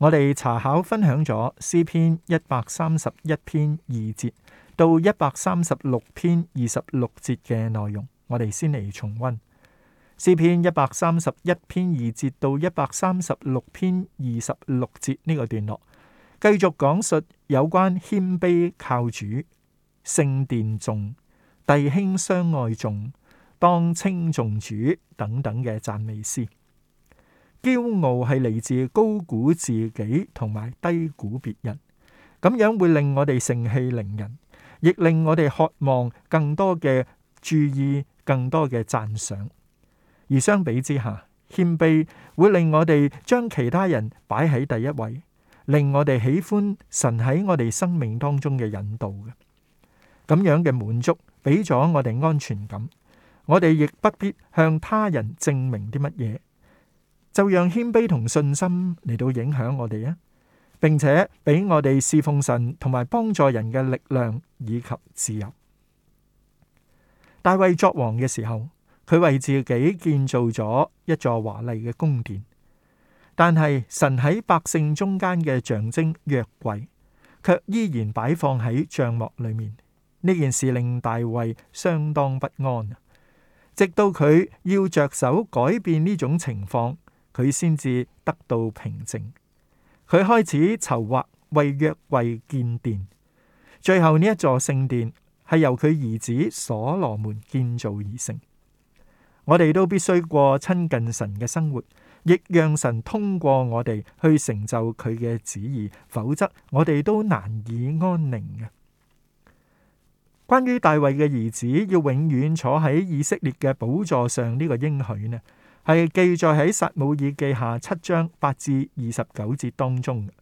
我哋查考分享咗詩篇一百三十一篇二節到一百三十六篇二十六節嘅內容，我哋先嚟重溫詩篇一百三十一篇二節到一百三十六篇二十六節呢個段落，繼續講述有關謙卑靠主、聖殿眾、弟兄相愛眾、當稱頌主等等嘅讚美詩。驕傲係嚟自高估自己同埋低估別人，咁樣會令我哋盛氣凌人，亦令我哋渴望更多嘅注意、更多嘅讚賞。而相比之下，謙卑會令我哋將其他人擺喺第一位，令我哋喜歡神喺我哋生命當中嘅引導嘅。咁樣嘅滿足俾咗我哋安全感，我哋亦不必向他人證明啲乜嘢。就讓謙卑同信心嚟到影響我哋啊，並且俾我哋侍奉神同埋幫助人嘅力量以及自由。大衛作王嘅時候，佢為自己建造咗一座華麗嘅宮殿，但係神喺百姓中間嘅象徵約櫃，卻依然擺放喺帳幕裏面。呢件事令大衛相當不安啊！直到佢要着手改變呢種情況。佢先至得到平靜，佢開始籌劃為約櫃建殿，最後呢一座聖殿係由佢兒子所羅門建造而成。我哋都必須過親近神嘅生活，亦讓神通過我哋去成就佢嘅旨意，否則我哋都難以安寧嘅。關於大衛嘅兒子要永遠坐喺以色列嘅寶座上呢個應許呢，係記載喺撒母耳記下七章八至二十九節當中呢、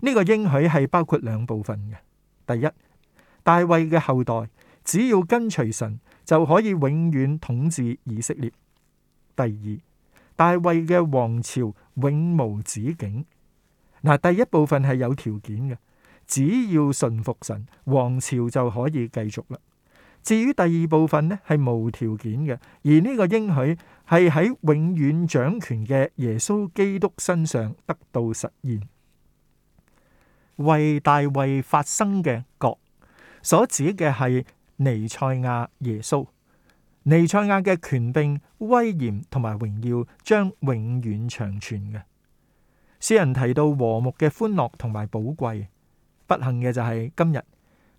呢個應許係包括兩部分嘅。第一，大衛嘅後代只要跟隨神就可以永遠統治以色列；第二，大衛嘅王朝永無止境。嗱，第一部分係有條件嘅，只要順服神，王朝就可以繼續啦。至於第二部分咧，係無條件嘅，而呢個應許係喺永遠掌權嘅耶穌基督身上得到實現。為大衛發生嘅國，所指嘅係彌賽亞耶穌。彌賽亞嘅權柄、威嚴同埋榮耀將永遠長存嘅。詩人提到和睦嘅歡樂同埋寶貴，不幸嘅就係今日。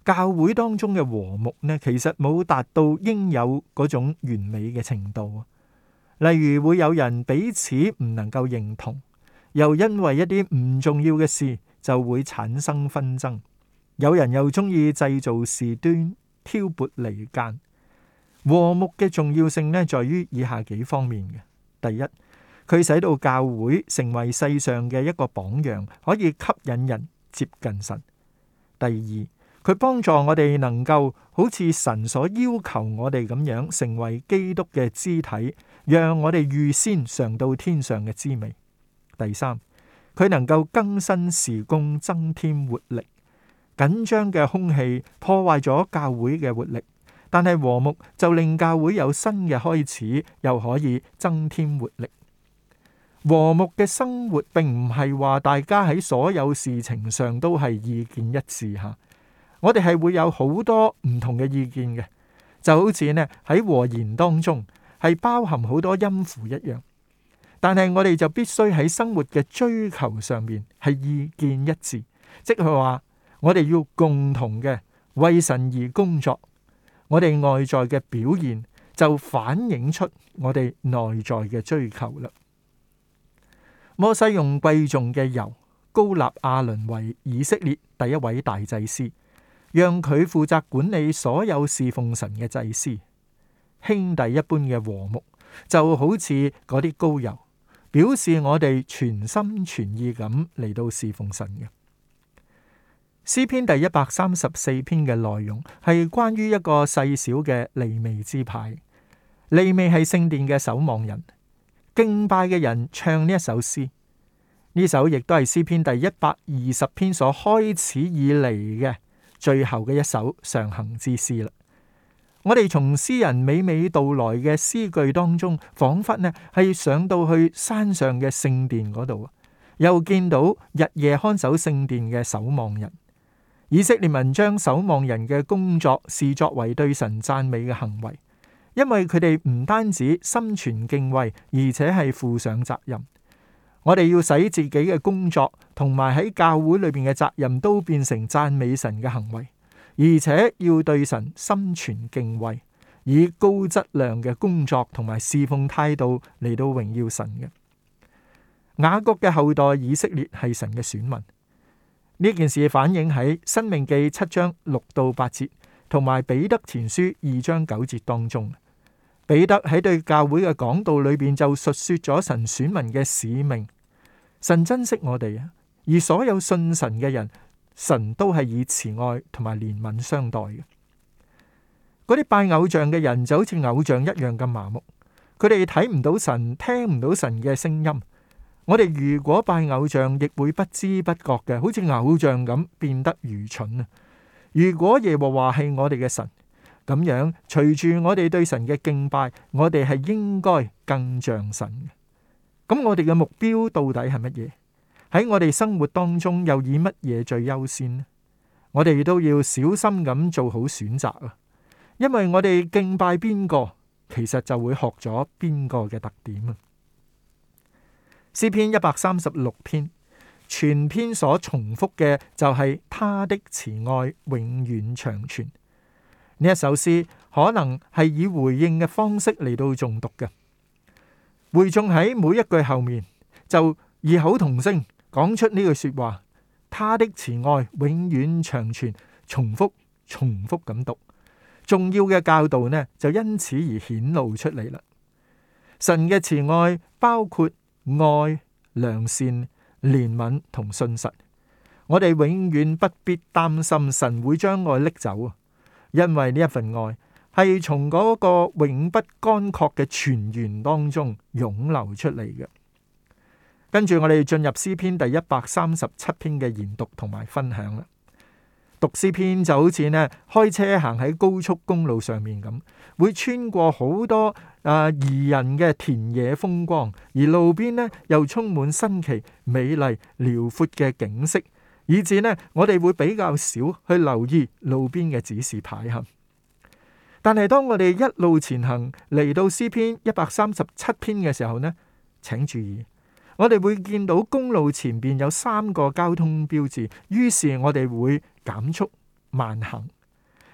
教會當中嘅和睦呢，其實冇達到應有嗰種完美嘅程度。例如會有人彼此唔能夠認同，又因為一啲唔重要嘅事就會產生紛爭。有人又中意製造事端，挑撥離間。和睦嘅重要性呢，在於以下幾方面嘅：第一，佢使到教會成為世上嘅一個榜樣，可以吸引人接近神；第二。佢幫助我哋能夠好似神所要求我哋咁樣成為基督嘅肢體，讓我哋預先嚐到天上嘅滋味。第三，佢能夠更新事工，增添活力。緊張嘅空氣破壞咗教會嘅活力，但係和睦就令教會有新嘅開始，又可以增添活力。和睦嘅生活並唔係話大家喺所有事情上都係意見一致嚇。我哋係會有好多唔同嘅意見嘅，就好似呢喺和言當中係包含好多音符一樣。但係我哋就必須喺生活嘅追求上面係意見一致，即係話我哋要共同嘅為神而工作。我哋外在嘅表現就反映出我哋內在嘅追求啦。摩西用貴重嘅油高立亞倫為以色列第一位大祭司。讓佢負責管理所有侍奉神嘅祭司。兄弟一般嘅和睦，就好似嗰啲膏油，表示我哋全心全意咁嚟到侍奉神嘅。詩篇第一百三十四篇嘅內容係關於一個細小嘅利未支派，利未係聖殿嘅守望人，敬拜嘅人唱呢一首詩，呢首亦都係詩篇第一百二十篇所開始以嚟嘅，最後嘅一首上行之詩啦。我哋從詩人娓娓道來嘅詩句當中，仿佛呢係上到去山上嘅聖殿嗰度，又見到日夜看守聖殿嘅守望人。以色列民將守望人嘅工作視作為對神讚美嘅行為，因為佢哋唔單止心存敬畏，而且係負上責任。我哋要使自己嘅工作同埋喺教會裏邊嘅責任都變成讚美神嘅行為，而且要對神心存敬畏，以高質量嘅工作同埋侍奉態度嚟到榮耀神嘅。雅各嘅後代以色列係神嘅選民，呢件事反映喺《申命記》七章六到八節，同埋《彼得前書》二章九節當中。彼得喺對教會嘅講道裏邊就述說咗神選民嘅使命。神珍惜我哋啊，而所有信神嘅人，神都係以慈愛同埋憐憫相待嘅。嗰啲拜偶像嘅人就好似偶像一樣咁麻木，佢哋睇唔到神，聽唔到神嘅聲音。我哋如果拜偶像，亦會不知不覺嘅，好似偶像咁變得愚蠢啊！如果耶和華係我哋嘅神，咁樣隨住我哋對神嘅敬拜，我哋係應該更像神嘅。咁我哋嘅目標到底係乜嘢？喺我哋生活當中又以乜嘢最優先呢？我哋都要小心咁做好選擇啊！因為我哋敬拜邊個，其實就會學咗邊個嘅特點啊。詩篇一百三十六篇全篇所重複嘅就係他的慈愛永遠長存。呢一首詩可能係以回應嘅方式嚟到誦讀嘅。會眾喺每一句後面就異口同聲講出呢句說話，他的慈愛永遠長存，重複重複咁讀，重要嘅教導呢就因此而顯露出嚟啦。神嘅慈愛包括愛、良善、憐憫同信實，我哋永遠不必擔心神會將愛拎走，因為呢一份愛。係從嗰個永不乾涸嘅泉源當中湧流出嚟嘅。跟住我哋進入詩篇第一百三十七篇嘅研讀同埋分享啦。讀詩篇就好似呢開車行喺高速公路上面咁，會穿過好多啊、呃、宜人嘅田野風光，而路邊呢又充滿新奇、美麗、遼闊嘅景色，以至呢我哋會比較少去留意路邊嘅指示牌啊。但係當我哋一路前行嚟到詩篇一百三十七篇嘅時候呢，請注意，我哋會見到公路前面有三個交通標誌，於是我哋會減速慢行。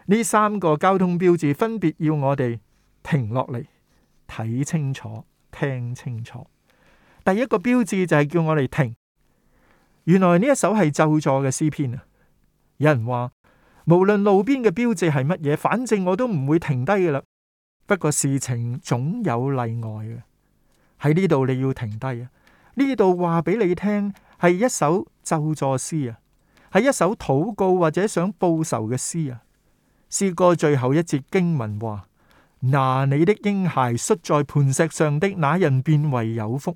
呢三個交通標誌分別要我哋停落嚟睇清楚、聽清楚。第一個標誌就係叫我哋停。原來呢一首係咒詛嘅詩篇啊！有人話。無論路邊嘅標誌係乜嘢，反正我都唔會停低噶啦。不過事情總有例外嘅。喺呢度你要停低啊。呢度話俾你聽係一首咒詛詩啊，係一首禱告或者想報仇嘅詩啊。詩歌最後一節經文話，嗱，你的嬰孩摔在磐石上的，那人變為有福。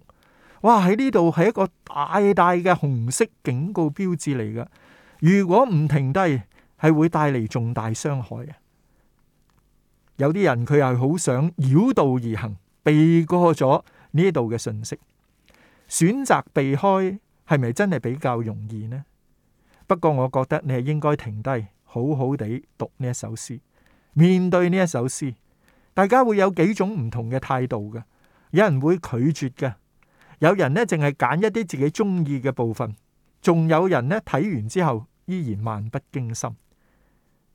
哇！喺呢度係一個大大嘅紅色警告標誌嚟噶。如果唔停低，係會帶嚟重大傷害嘅，有啲人佢係好想繞道而行，避過咗呢度嘅信息，選擇避開係咪真係比較容易呢？不過我覺得你係應該停低，好好地讀呢一首詩，面對呢一首詩，大家會有幾種唔同嘅態度嘅，有人會拒絕嘅，有人呢淨係揀一啲自己中意嘅部分，仲有人呢睇完之後依然漫不經心。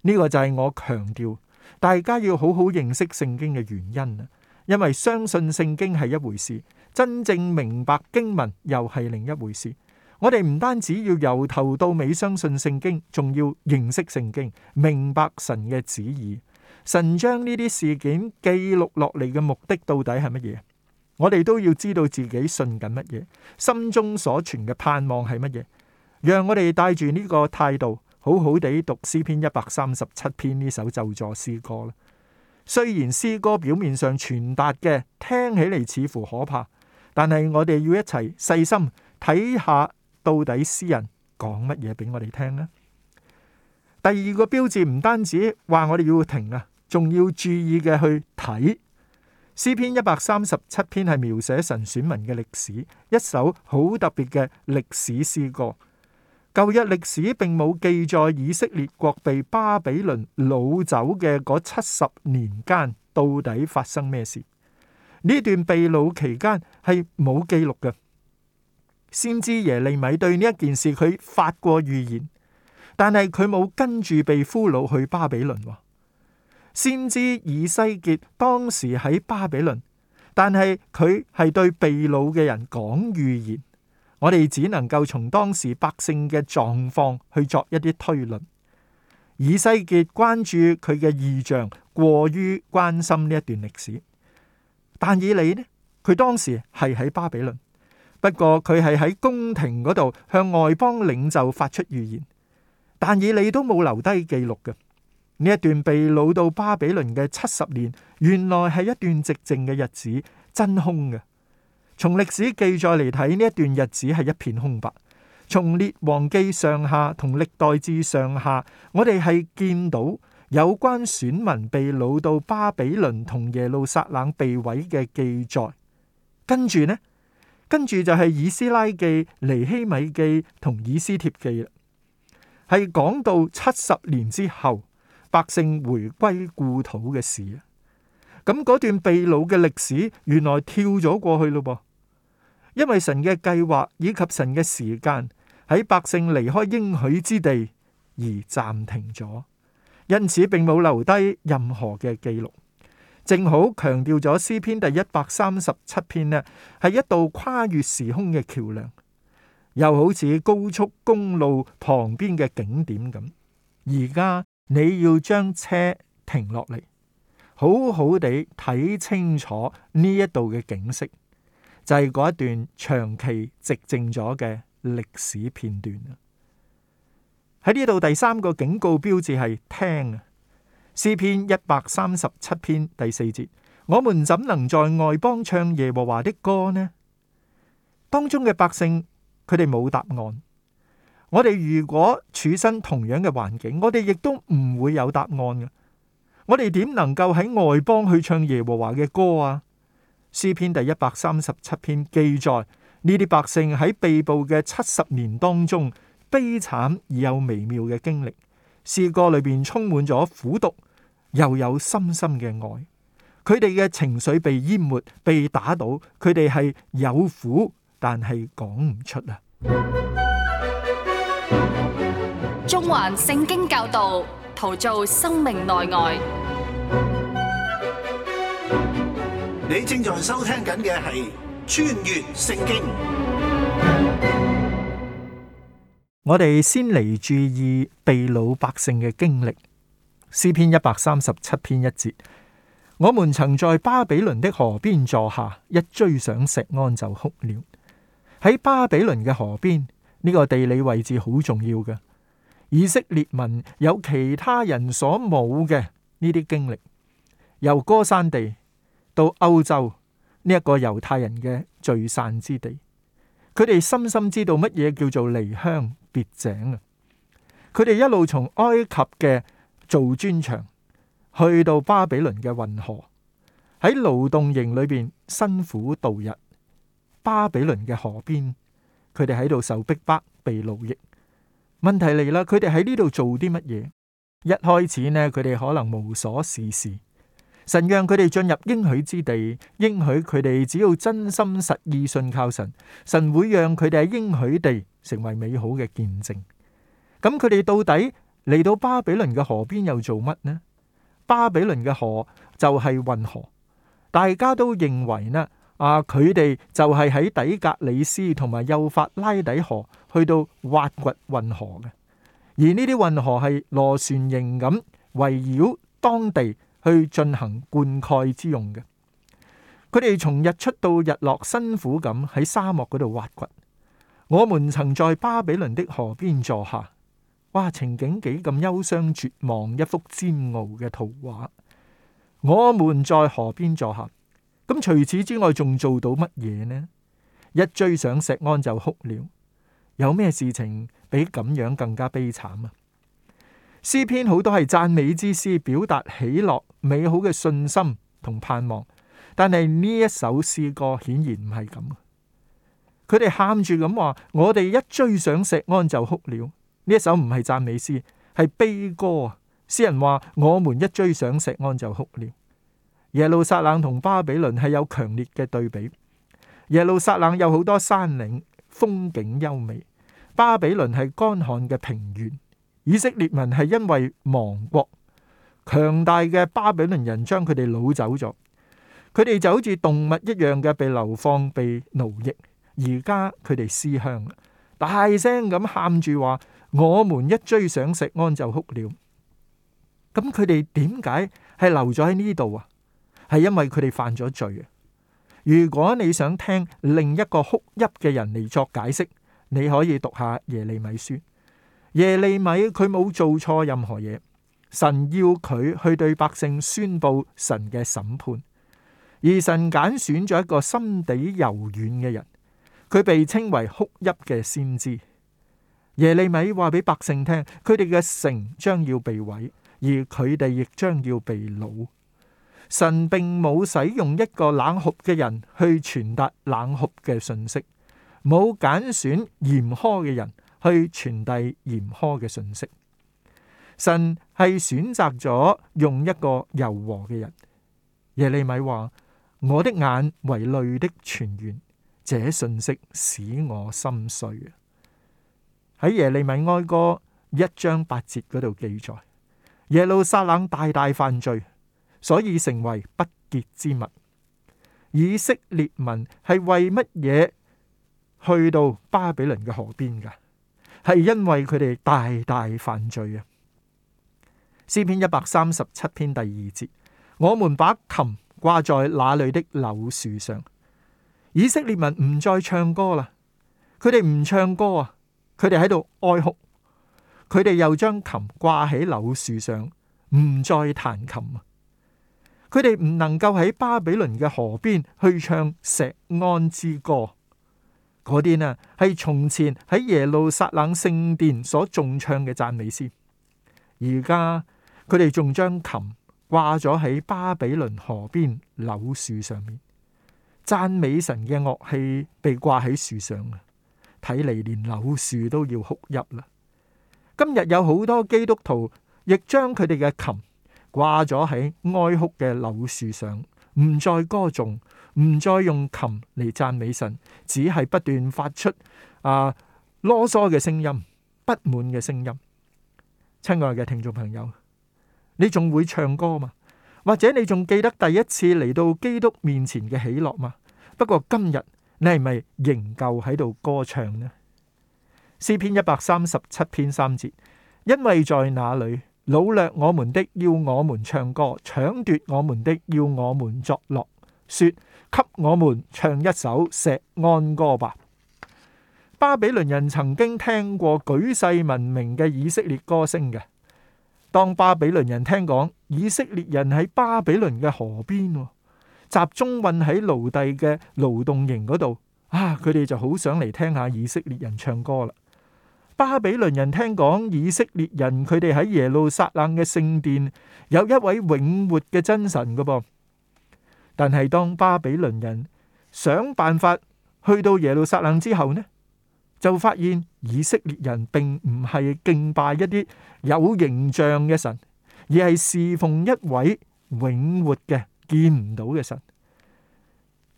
呢個就係我強調大家要好好認識聖經嘅原因啊！因為相信聖經係一回事，真正明白經文又係另一回事。我哋唔單止要由頭到尾相信聖經，仲要認識聖經，明白神嘅旨意。神將呢啲事件記錄落嚟嘅目的到底係乜嘢？我哋都要知道自己信緊乜嘢，心中所存嘅盼望係乜嘢。讓我哋帶住呢個態度。好好地讀詩篇一百三十七篇，呢首咒詛詩歌啦。雖然詩歌表面上傳達嘅聽起嚟似乎可怕，但係我哋要一齊細心睇下，到底詩人講乜嘢俾我哋聽呢？第二個標誌唔單止話我哋要停啊，仲要注意嘅去睇。詩篇一百三十七篇係描寫神選民嘅歷史，一首好特別嘅歷史詩歌。舊日歷史並冇記載以色列國被巴比倫擄走嘅嗰七十年間到底發生咩事？呢段被擄期間係冇記錄嘅。先知耶利米對呢一件事佢發過預言，但係佢冇跟住被俘虜去巴比倫。先知以西結當時喺巴比倫，但係佢係對被擄嘅人講預言。我哋只能夠從當時百姓嘅狀況去作一啲推論。以西結關注佢嘅異象，過於關心呢一段歷史。但以理呢，佢當時係喺巴比倫，不過佢係喺宮廷嗰度向外邦領袖發出預言。但以理都冇留低記錄嘅。呢一段被擄到巴比倫嘅七十年，原來係一段寂靜嘅日子，真空嘅。從歷史記載嚟睇，呢一段日子係一片空白。從《列王記》上下同歷代志上下，我哋係見到有關選民被擄到巴比倫同耶路撒冷被毀嘅記載。跟住呢，跟住就係《以斯拉記》、《尼希米記》同《以斯帖記》啦，係講到七十年之後百姓回歸故土嘅事啊。咁嗰段被擄嘅歷史，原來跳咗過去咯噃。因為神嘅計劃以及神嘅時間喺百姓離開應許之地而暫停咗，因此並冇留低任何嘅記錄。正好強調咗詩篇第一百三十七篇呢，係一道跨越時空嘅橋樑，又好似高速公路旁邊嘅景點咁。而家你要將車停落嚟，好好地睇清楚呢一度嘅景色。就係嗰一段長期寂靜咗嘅歷史片段。喺呢度第三個警告標誌係聽啊。詩篇一百三十七篇第四節：我們怎能在外邦唱耶和華的歌呢？當中嘅百姓佢哋冇答案。我哋如果處身同樣嘅環境，我哋亦都唔會有答案嘅。我哋點能夠喺外邦去唱耶和華嘅歌啊？詩篇第一百三十七篇記載呢啲百姓喺被擄嘅七十年當中，悲慘而又微妙嘅經歷，詩歌裏邊充滿咗苦毒，又有深深嘅愛。佢哋嘅情緒被淹沒、被打倒，佢哋係有苦，但係講唔出啊！中環聖經教導，陶造生命內外。你正在收聽緊嘅係穿越聖經。我哋先嚟注意被擄百姓嘅經歷，詩篇一百三十七篇一節，我們曾在巴比倫的河邊坐下，一追上錫安就哭了。喺巴比倫嘅河邊，呢個地理位置好重要嘅。以色列民有其他人所冇嘅呢啲經歷，由歌山地。到歐洲呢一個猶太人嘅聚散之地，佢哋深深知道乜嘢叫做離鄉別井啊！佢哋一路從埃及嘅做磚場，去到巴比倫嘅運河，喺勞動營裏邊辛苦度日。巴比倫嘅河邊，佢哋喺度受逼迫、被勞役。問題嚟啦，佢哋喺呢度做啲乜嘢？一開始呢，佢哋可能無所事事。神讓佢哋進入應許之地，應許佢哋只要真心實意信靠神，神會讓佢哋喺應許地成為美好嘅見證。咁佢哋到底嚟到巴比倫嘅河邊又做乜呢？巴比倫嘅河就係運河，大家都認為呢啊，佢哋就係喺底格里斯同埋幼發拉底河去到挖掘運河嘅，而呢啲運河係螺旋形咁圍繞當地，去進行灌溉之用嘅，佢哋從日出到日落，辛苦咁喺沙漠嗰度挖掘。我們曾在巴比倫的河邊坐下，哇，情景幾咁憂傷絕望，一幅煎熬嘅圖畫。我們在河邊坐下，咁除此之外仲做到乜嘢呢？一追想錫安就哭了，有咩事情比咁樣更加悲慘啊？詩篇好多係讚美之詩，表達喜樂、美好嘅信心同盼望。但係呢一首詩歌顯然唔係咁。佢哋喊住咁話：我哋一追想錫安就哭了。呢一首唔係讚美詩，係悲歌啊！詩人話：我們一追想錫安就哭了。耶路撒冷同巴比倫係有強烈嘅對比。耶路撒冷有好多山嶺，風景優美；巴比倫係乾旱嘅平原。以色列民係因為亡國，強大嘅巴比倫人將佢哋擄走咗，佢哋就好似動物一樣嘅被流放、被奴役，而家佢哋思鄉啦，大聲咁喊住話：我們一追想錫安就哭了。咁佢哋點解係留咗喺呢度啊？係因為佢哋犯咗罪啊！如果你想聽另一個哭泣嘅人嚟作解釋，你可以讀下耶利米書。耶利米佢冇做錯任何嘢，神要佢去對百姓宣布神嘅審判，而神揀選咗一個心地柔軟嘅人，佢被稱為哭泣嘅先知。耶利米話俾百姓聽，佢哋嘅城將要被毀，而佢哋亦將要被擄。神並冇使用一個冷酷嘅人去傳達冷酷嘅信息，冇揀選嚴苛嘅人。去傳遞嚴苛嘅信息，神係選擇咗用一個柔和嘅人耶利米，話：我的眼為淚的泉源，這信息使我心碎。喺耶利米哀歌一章八節嗰度記載，耶路撒冷大大犯罪，所以成為不潔之物。以色列民係為乜嘢，去到巴比倫嘅河邊噶？係因為佢哋大大犯罪啊！詩篇一百三十七篇第二節：我們把琴掛在那裏的柳樹上，以色列民唔再唱歌啦，佢哋唔唱歌啊，佢哋喺度哀哭，佢哋又將琴掛喺柳樹上，唔再彈琴啊，佢哋唔能夠喺巴比倫嘅河邊去唱錫安之歌。嗰啲呢，係從前喺耶路撒冷聖殿所重唱嘅讚美詩。而家佢哋仲將琴掛咗喺巴比倫河邊柳樹上面，讚美神嘅樂器被掛喺樹上，睇嚟連柳樹都要哭泣啦。今日有好多基督徒亦將佢哋嘅琴掛咗喺哀哭嘅柳樹上，唔再歌頌。唔再用琴嚟讚美神，只係不斷發出啊囉嗦嘅聲音、不滿嘅聲音。親愛嘅聽眾朋友，你仲會唱歌嘛？或者你仲記得第一次嚟到基督面前嘅喜樂嘛？不過今日你係咪仍舊喺度歌唱呢？詩篇一百三十七篇三節，因為在那裡擄掠我們的，要我們唱歌；搶奪我們的，要我們作樂，說。給我們唱一首《錫安歌》吧。巴比倫人曾經聽過舉世聞名嘅以色列歌聲嘅。當巴比倫人聽講以色列人喺巴比倫嘅河邊集中運喺奴隸嘅勞動營嗰度，啊，佢哋就好想嚟聽下以色列人唱歌啦。巴比倫人聽講以色列人佢哋喺耶路撒冷嘅聖殿有一位永活嘅真神㗎噃。但係，當巴比倫人想辦法去到耶路撒冷之後呢，就發現以色列人並唔係敬拜一啲有形象嘅神，而係侍奉一位永活嘅見唔到嘅神，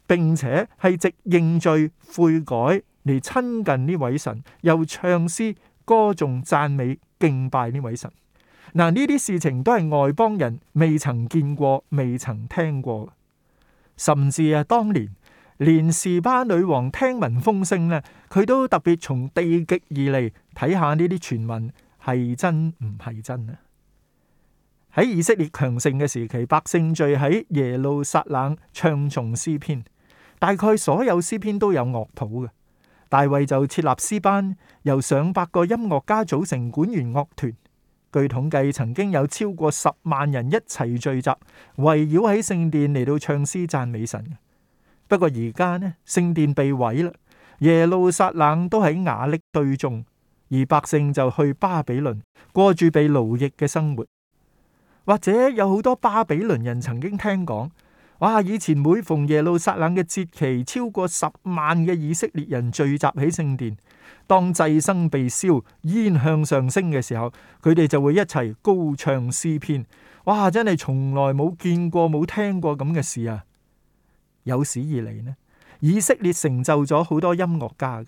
並且係直認罪悔改嚟親近呢位神，又唱詩歌頌讚美敬拜呢位神。嗱，呢啲事情都係外邦人未曾見過、未曾聽過。甚至啊，當年連士巴女王聽聞風聲咧，佢都特別從地極以嚟睇下呢啲傳聞係真唔係真啊！喺以色列強盛嘅時期，百姓聚喺耶路撒冷唱頌詩篇，大概所有詩篇都有樂譜嘅。大衛就設立詩班，由上百個音樂家組成管弦樂團。據統計，曾經有超過十萬人一齊聚集，圍繞喺聖殿嚟到唱詩讚美神。不過而家呢，聖殿被毀啦，耶路撒冷都喺瓦礫堆中，而百姓就去巴比倫過住被奴役嘅生活，或者有好多巴比倫人曾經聽講。哇！以前每逢耶路撒冷嘅節期，超過十萬嘅以色列人聚集喺聖殿，當祭牲被燒，煙向上升嘅時候，佢哋就會一齊高唱詩篇。哇！真係從來冇見過、冇聽過咁嘅事啊！有史以嚟呢，以色列成就咗好多音樂家嘅，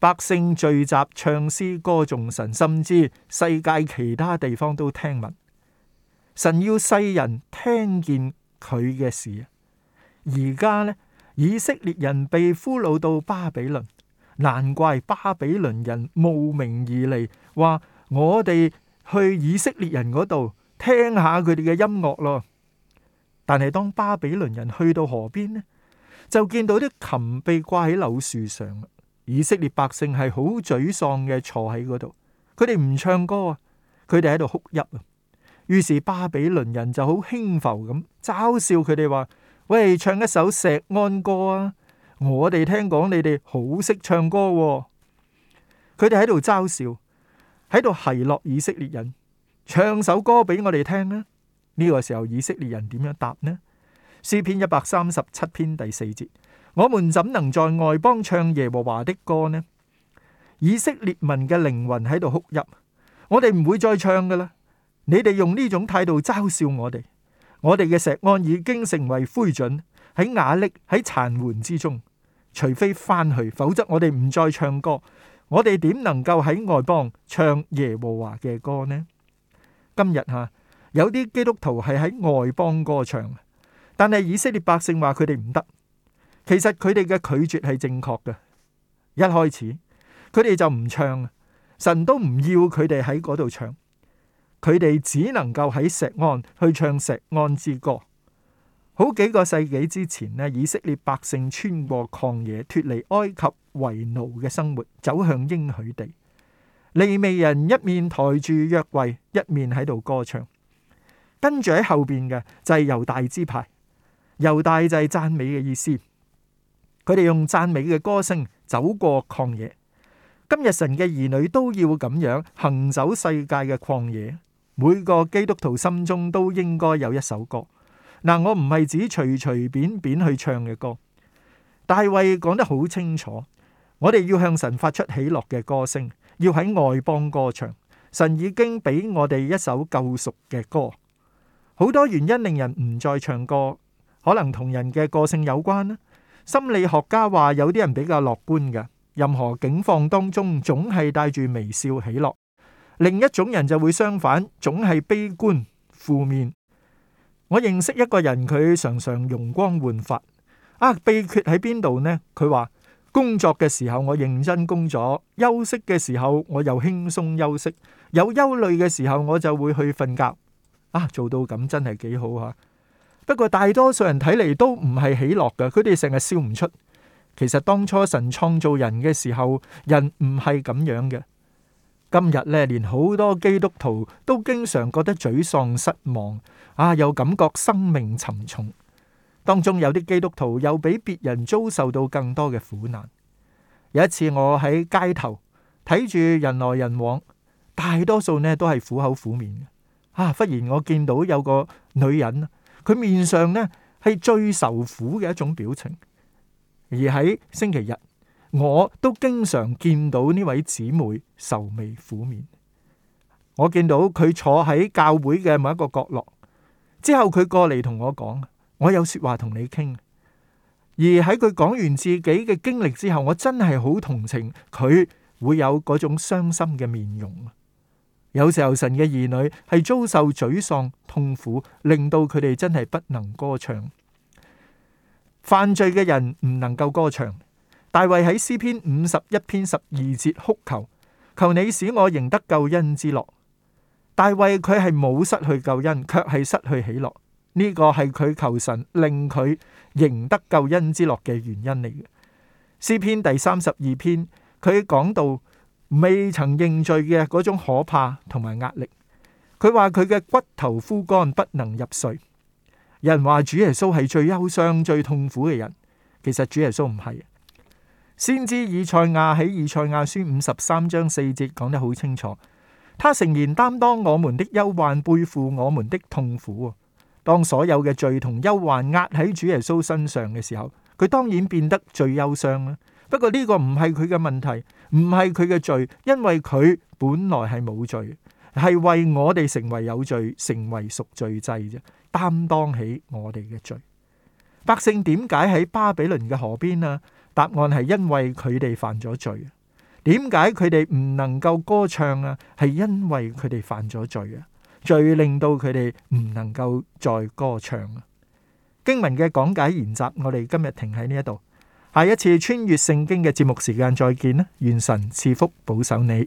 百姓聚集唱詩歌頌神，甚至世界其他地方都聽聞。神要世人聽見。佢嘅事，而家呢，以色列人被俘虜到巴比倫，難怪巴比倫人慕名而嚟，話，我哋去以色列人嗰度聽下佢哋嘅音樂咯。但係當巴比倫人去到河邊呢，就見到啲琴被掛喺柳樹上，以色列百姓係好沮喪嘅坐喺嗰度，佢哋唔唱歌啊，佢哋喺度哭泣。於是巴比倫人就好輕浮咁嘲笑佢哋話：喂，唱一首錫安歌啊！我哋聽講你哋好識唱歌啊，佢哋喺度嘲笑，喺度奚落以色列人，唱首歌俾我哋聽啦。呢個時候以色列人點樣答呢？詩篇一百三十七篇第四節：我們怎能在外邦唱耶和華的歌呢？以色列民嘅靈魂喺度哭泣，我哋唔會再唱噶啦。你哋用呢種態度嘲笑我哋，我哋嘅石岸已經成為灰燼，喺瓦礫喺殘垣之中。除非翻去，否則我哋唔再唱歌。我哋點能夠喺外邦唱耶和華嘅歌呢？今日吓有啲基督徒係喺外邦歌唱，但係以色列百姓話佢哋唔得。其實佢哋嘅拒絕係正確嘅。一開始佢哋就唔唱，神都唔要佢哋喺嗰度唱。佢哋只能夠喺錫安去唱錫安之歌。好幾個世紀之前咧，以色列百姓穿過曠野，脫離埃及為奴嘅生活，走向應許地。利未人一面抬住約櫃，一面喺度歌唱。跟住喺後邊嘅就係猶大支派，猶大就係讚美嘅意思。佢哋用讚美嘅歌聲走過曠野。今日神嘅兒女都要咁樣行走世界嘅曠野。每個基督徒心中都應該有一首歌。嗱，我唔係指隨隨便便去唱嘅歌。大衛講得好清楚，我哋要向神發出喜樂嘅歌聲，要喺外邦歌唱。神已經俾我哋一首救贖嘅歌。好多原因令人唔再唱歌，可能同人嘅個性有關啦。心理學家話，有啲人比較樂觀嘅，任何境況當中總係帶住微笑喜樂。另一種人就會相反，總係悲觀負面。我認識一個人，佢常常容光煥發。啊，秘訣喺邊度呢？佢話工作嘅時候我認真工作，休息嘅時候我又輕鬆休息。有憂慮嘅時候我就會去瞓覺。啊，做到咁真係幾好吓，啊。不過大多數人睇嚟，都唔係喜樂㗎，佢哋成日笑唔出。其實當初神創造人嘅時候，人唔係咁樣嘅。今日咧，連好多基督徒都經常覺得沮喪、失望，啊，又感覺生命沉重。當中有啲基督徒又比別人遭受到更多嘅苦難。有一次我喺街頭睇住人來人往，大多數呢都係苦口苦面啊，忽然我見到有個女人，佢面上呢係最受苦嘅一種表情。而喺星期日。我都經常見到呢位姊妹愁眉苦面，我見到佢坐喺教會嘅某一個角落，之後佢過嚟同我講：我有說話同你傾。而喺佢講完自己嘅經歷之後，我真係好同情佢會有嗰種傷心嘅面容。有時候神嘅兒女係遭受沮喪、痛苦，令到佢哋真係不能歌唱。犯罪嘅人唔能夠歌唱。大衛喺詩篇五十一篇十二節哭求，求你使我贏得救恩之樂。大衛佢係冇失去救恩，卻係失去喜樂。呢個係佢求神令佢贏得救恩之樂嘅原因嚟嘅。詩篇第三十二篇佢講到未曾認罪嘅嗰種可怕同埋壓力。佢話佢嘅骨頭枯乾，不能入睡。有人話主耶穌係最憂傷、最痛苦嘅人，其實主耶穌唔係。先知以賽亞喺以賽亞書五十三章四節講得好清楚，他誠然擔當我們的憂患，背負我們的痛苦啊。當所有嘅罪同憂患壓喺主耶穌身上嘅時候，佢當然變得最憂傷啦。不過呢個唔係佢嘅問題，唔係佢嘅罪，因為佢本來係冇罪，係為我哋成為有罪，成為贖罪祭啫，擔當起我哋嘅罪。百姓點解喺巴比倫嘅河邊啊？答案係因為佢哋犯咗罪啊。點解佢哋唔能夠歌唱啊？係因為佢哋犯咗罪啊。罪令到佢哋唔能夠再歌唱啊。經文嘅講解研習，我哋今日停喺呢一度。下一次穿越聖經嘅節目時間再見啦！願神賜福保守你。